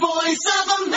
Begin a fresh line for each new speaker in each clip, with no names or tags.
voice of a.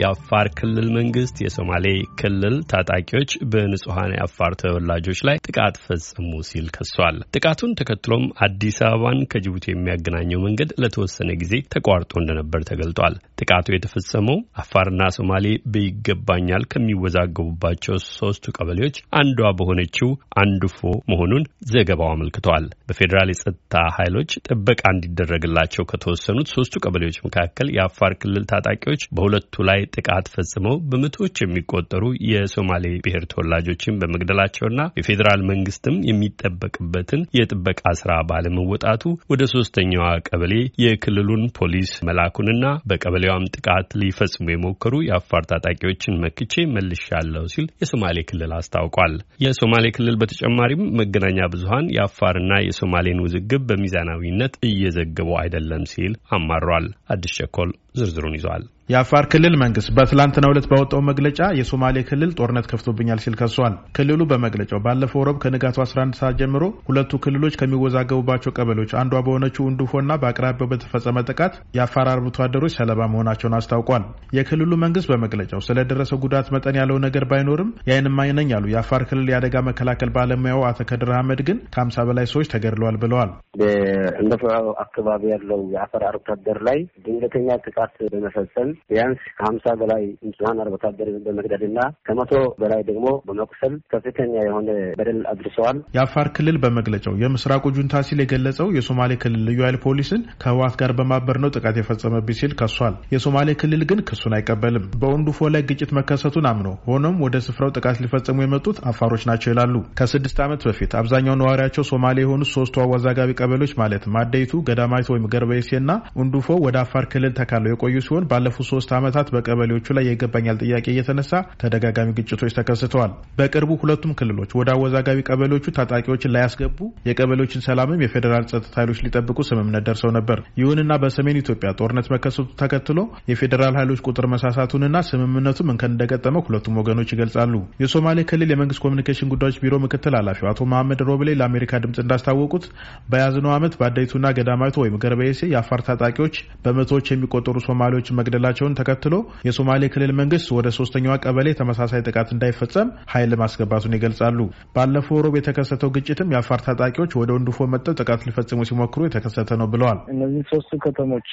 የአፋር ክልል መንግስት የሶማሌ ክልል ታጣቂዎች በንጹሐን የአፋር ተወላጆች ላይ ጥቃት ፈጸሙ ሲል ከሷል። ጥቃቱን ተከትሎም አዲስ አበባን ከጅቡቲ የሚያገናኘው መንገድ ለተወሰነ ጊዜ ተቋርጦ እንደነበር ተገልጧል። ጥቃቱ የተፈጸመው አፋርና ሶማሌ በይገባኛል ከሚወዛገቡባቸው ሶስቱ ቀበሌዎች አንዷ በሆነችው አንዱፎ መሆኑን ዘገባው አመልክቷል። በፌዴራል የጸጥታ ኃይሎች ጥበቃ እንዲደረግላቸው ከተወሰኑት ሶስቱ ቀበሌዎች መካከል የአፋር ክልል ታጣቂዎች በሁለቱ ላይ ላይ ጥቃት ፈጽመው በመቶዎች የሚቆጠሩ የሶማሌ ብሔር ተወላጆችን በመግደላቸውና የፌዴራል መንግስትም የሚጠበቅበትን የጥበቃ ስራ ባለመወጣቱ ወደ ሶስተኛዋ ቀበሌ የክልሉን ፖሊስ መላኩንና በቀበሌዋም ጥቃት ሊፈጽሙ የሞከሩ የአፋር ታጣቂዎችን መክቼ መልሻለሁ ሲል የሶማሌ ክልል አስታውቋል። የሶማሌ ክልል በተጨማሪም መገናኛ ብዙሀን የአፋርና የሶማሌን ውዝግብ በሚዛናዊነት እየዘገቡ አይደለም ሲል አማሯል። አዲስ ቸኮል ዝርዝሩን ይዟል።
የአፋር ክልል መንግስት በትላንትናው ዕለት ባወጣው መግለጫ የሶማሌ ክልል ጦርነት ከፍቶብኛል ሲል ከሷል። ክልሉ በመግለጫው ባለፈው ረብ ከንጋቱ 11 ሰዓት ጀምሮ ሁለቱ ክልሎች ከሚወዛገቡባቸው ቀበሌዎች አንዷ በሆነችው እንዱፎና በአቅራቢያው በተፈጸመ ጥቃት የአፋር አርብቶ አደሮች ሰለባ መሆናቸውን አስታውቋል። የክልሉ መንግስት በመግለጫው ስለደረሰው ጉዳት መጠን ያለው ነገር ባይኖርም የዓይን እማኝ ነኝ ያሉ የአፋር ክልል የአደጋ መከላከል ባለሙያው አቶ ከድር አህመድ ግን ከ50 በላይ ሰዎች ተገድለዋል ብለዋል።
በእንዱፎ አካባቢ ያለው የአፋር አርብቶ አደር ላይ ድንገተኛ ጥቃት በመፈጸም ቢያንስ ከሀምሳ በላይ ንጹሀን አርብቶ አደር በመግደልና ከመቶ በላይ ደግሞ በመቁሰል ከፍተኛ የሆነ በደል አድርሰዋል።
የአፋር ክልል በመግለጫው የምስራቁ ጁንታ ሲል የገለጸው የሶማሌ ክልል ልዩ ኃይል ፖሊስን ከህወሓት ጋር በማበር ነው ጥቃት የፈጸመብኝ ሲል ከሷል። የሶማሌ ክልል ግን ክሱን አይቀበልም። በወንዱፎ ላይ ግጭት መከሰቱን አምኖ ሆኖም ወደ ስፍራው ጥቃት ሊፈጽሙ የመጡት አፋሮች ናቸው ይላሉ። ከስድስት ዓመት በፊት አብዛኛው ነዋሪያቸው ሶማሌ የሆኑት ሶስቱ አወዛጋቢ ቀበሌዎች ማለት ማደይቱ፣ ገዳማዊት ወይም ገርበይሴ እና እንዱፎ ወደ አፋር ክልል ተካለው የቆዩ ሲሆን ባለፉት ሶስት ዓመታት በቀበሌዎቹ ላይ የይገባኛል ጥያቄ እየተነሳ ተደጋጋሚ ግጭቶች ተከስተዋል። በቅርቡ ሁለቱም ክልሎች ወደ አወዛጋቢ ቀበሌዎቹ ታጣቂዎችን ላያስገቡ፣ የቀበሌዎችን ሰላምም የፌዴራል ጸጥታ ኃይሎች ሊጠብቁ ስምምነት ደርሰው ነበር። ይሁንና በሰሜን ኢትዮጵያ ጦርነት መከሰቱ ተከትሎ የፌዴራል ኃይሎች ቁጥር መሳሳቱንና ስምምነቱም እንከን እንደገጠመ ሁለቱም ወገኖች ይገልጻሉ። የሶማሌ ክልል የመንግስት ኮሚኒኬሽን ጉዳዮች ቢሮ ምክትል ኃላፊው አቶ መሐመድ ሮብሌ ለአሜሪካ ድምፅ እንዳስታወቁት በያዝነው ዓመት በአዳይቱና ገዳማዊቱ ወይም ገርበኤሴ የአፋር ታጣቂዎች በመቶዎች የሚቆጠሩ ሶማሌዎችን መግደላቸው መሰማራታቸውን ተከትሎ የሶማሌ ክልል መንግስት ወደ ሶስተኛዋ ቀበሌ ተመሳሳይ ጥቃት እንዳይፈጸም ኃይል ማስገባቱን ይገልጻሉ። ባለፈው ሮብ የተከሰተው ግጭትም የአፋር ታጣቂዎች ወደ ወንዱፎ መጠው ጥቃት ሊፈጽሙ ሲሞክሩ የተከሰተ ነው ብለዋል።
እነዚህ ሶስቱ ከተሞች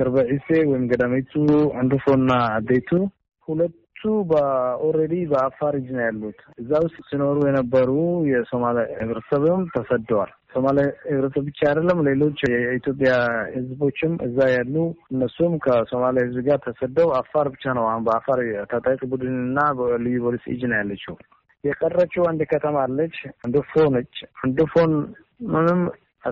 ገርበ ዒሴ ወይም ገዳሜቱ፣ አንዱፎና አዴቱ ሁለት በኦልሬዲ በአፋር እጅ ነው ያሉት። እዛ ውስጥ ሲኖሩ የነበሩ የሶማሊያ ህብረተሰብም ተሰደዋል። ሶማሊያ ህብረተሰብ ብቻ አይደለም፣ ሌሎች የኢትዮጵያ ህዝቦችም እዛ ያሉ እነሱም ከሶማሊያ ህዝብ ጋር ተሰደው አፋር ብቻ ነው አሁን በአፋር ታጣቂ ቡድንና ልዩ ፖሊስ እጅ ነው ያለችው። የቀረችው አንድ ከተማ አለች፣ እንዶፎ ነች። እንዶፎን ምንም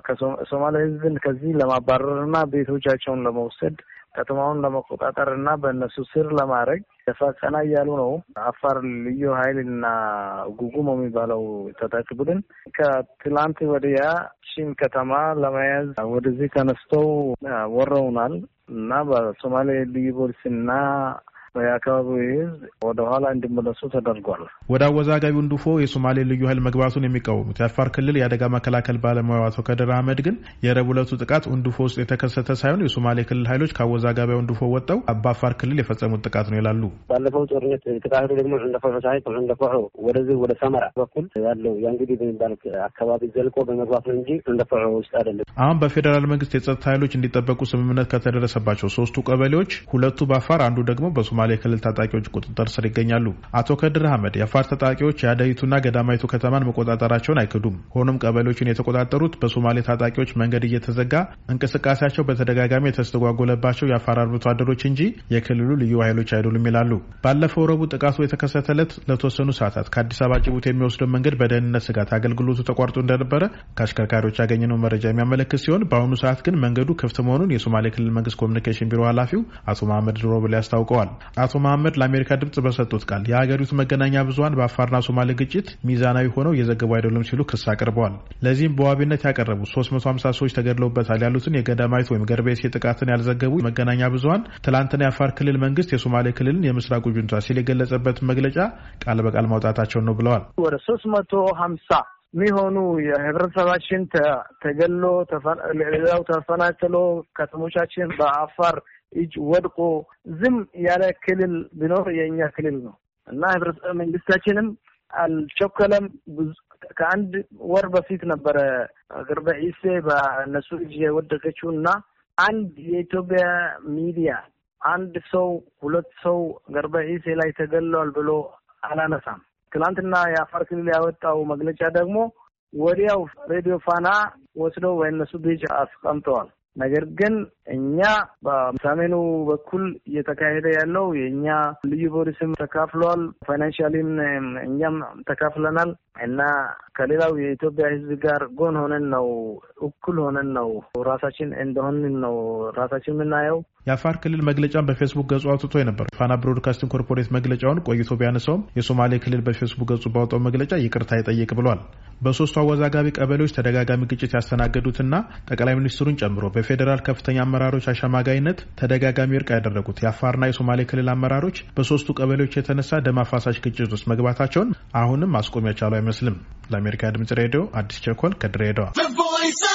ከሶማሊያ ህዝብን ከዚህ ለማባረር ቤቶቻቸውን ለመውሰድ ከተማውን ለመቆጣጠር እና በእነሱ ስር ለማድረግ ቀና እያሉ ነው። አፋር ልዩ ኃይል እና ጉጉሞ የሚባለው ታጣቂ ቡድን ከትላንት ወዲያ ሺን ከተማ ለመያዝ ወደዚህ ተነስተው ወረውናል እና በሶማሌ ልዩ ፖሊስ እና የአካባቢው ህዝብ ወደኋላ እንዲመለሱ ተደርጓል።
ወደ አወዛጋቢው እንዱፎ የሶማሌ ልዩ ኃይል መግባቱን የሚቃወሙት የአፋር ክልል የአደጋ መከላከል ባለሙያው አቶ ከደር አህመድ ግን የረቡዕ ዕለቱ ጥቃት እንዱፎ ውስጥ የተከሰተ ሳይሆን የሶማሌ ክልል ኃይሎች ከአወዛጋቢው እንዱፎ ወጠው በአፋር ክልል የፈጸሙት ጥቃት ነው ይላሉ።
ባለፈው ጦርነት ጥቃቱ ደግሞ እንደፈ ወደዚህ ወደ ሰመራ በኩል ያለው የእንግዲህ በሚባል አካባቢ ዘልቆ በመግባት ነው እንጂ እንደፈ ውስጥ አይደለም።
አሁን በፌዴራል መንግስት የጸጥታ ኃይሎች እንዲጠበቁ ስምምነት ከተደረሰባቸው ሶስቱ ቀበሌዎች ሁለቱ በአፋር አንዱ ደግሞ በሶማ በሶማሌ ክልል ታጣቂዎች ቁጥጥር ስር ይገኛሉ። አቶ ከድር አህመድ የአፋር ታጣቂዎች የአደይቱና ገዳማይቱ ከተማን መቆጣጠራቸውን አይክዱም። ሆኖም ቀበሌዎችን የተቆጣጠሩት በሶማሌ ታጣቂዎች መንገድ እየተዘጋ እንቅስቃሴያቸው በተደጋጋሚ የተስተጓጎለባቸው የአፋር አርብቶ አደሮች እንጂ የክልሉ ልዩ ኃይሎች አይደሉም ይላሉ። ባለፈው ረቡዕ ጥቃቱ የተከሰተ ለተወሰኑ ሰዓታት ከአዲስ አበባ ጅቡቲ የሚወስደው መንገድ በደህንነት ስጋት አገልግሎቱ ተቋርጦ እንደነበረ ከአሽከርካሪዎች ያገኘነው መረጃ የሚያመለክት ሲሆን በአሁኑ ሰዓት ግን መንገዱ ክፍት መሆኑን የሶማሌ ክልል መንግስት ኮሚኒኬሽን ቢሮ ኃላፊው አቶ መሀመድ ሮብሌ አስታውቀዋል። አቶ መሀመድ ለአሜሪካ ድምጽ በሰጡት ቃል የሀገሪቱ መገናኛ ብዙሀን በአፋርና ሶማሌ ግጭት ሚዛናዊ ሆነው እየዘገቡ አይደሉም ሲሉ ክስ አቅርበዋል። ለዚህም በዋቢነት ያቀረቡት 350 ሰዎች ተገድለውበታል ያሉትን የገዳማዊት ወይም ገርቤሴ ጥቃትን ያልዘገቡ መገናኛ ብዙሀን ትላንትና የአፋር ክልል መንግስት የሶማሌ ክልልን የምስራቁ ጁንታ ሲል የገለጸበትን መግለጫ ቃል በቃል ማውጣታቸውን ነው ብለዋል።
ወደ 350 መቶ የሚሆኑ የህብረተሰባችን ተገሎ ሌላው ተፈናቅሎ ከተሞቻችን በአፋር እጅ ወድቆ ዝም ያለ ክልል ቢኖር የእኛ ክልል ነው እና ህብረተሰብ መንግስታችንም አልቸኮለም። ከአንድ ወር በፊት ነበረ ቅርበ ኢሴ በነሱ እጅ የወደቀችው እና አንድ የኢትዮጵያ ሚዲያ አንድ ሰው ሁለት ሰው ገርበ ኢሴ ላይ ተገለዋል ብሎ አላነሳም። ትናንትና የአፋር ክልል ያወጣው መግለጫ ደግሞ ወዲያው ሬዲዮ ፋና ወስደው በእነሱ ቤጅ አስቀምጠዋል። ነገር ግን እኛ በሰሜኑ በኩል እየተካሄደ ያለው የእኛ ልዩ ፖሊስም ተካፍሏል። ፋይናንሻሊም እኛም ተካፍለናል እና ከሌላው የኢትዮጵያ ሕዝብ ጋር ጎን ሆነን ነው እኩል ሆነን ነው ራሳችን እንደሆንን ነው ራሳችን የምናየው።
የአፋር ክልል መግለጫን በፌስቡክ ገጹ አውጥቶ የነበረ ፋና ብሮድካስቲንግ ኮርፖሬት መግለጫውን ቆይቶ ቢያነሳውም የሶማሌ ክልል በፌስቡክ ገጹ ባወጣው መግለጫ ይቅርታ ይጠይቅ ብሏል። በሶስቱ አወዛጋቢ ቀበሌዎች ተደጋጋሚ ግጭት ያስተናገዱትና ጠቅላይ ሚኒስትሩን ጨምሮ በፌዴራል ከፍተኛ አመራሮች አሸማጋይነት ተደጋጋሚ እርቅ ያደረጉት የአፋርና የሶማሌ ክልል አመራሮች በሶስቱ ቀበሌዎች የተነሳ ደም አፋሳሽ ግጭት ውስጥ መግባታቸውን አሁንም ማስቆም የቻሉ አይመስልም። ለአሜሪካ ድምጽ ሬዲዮ አዲስ ቸኮል ከድሬዳዋ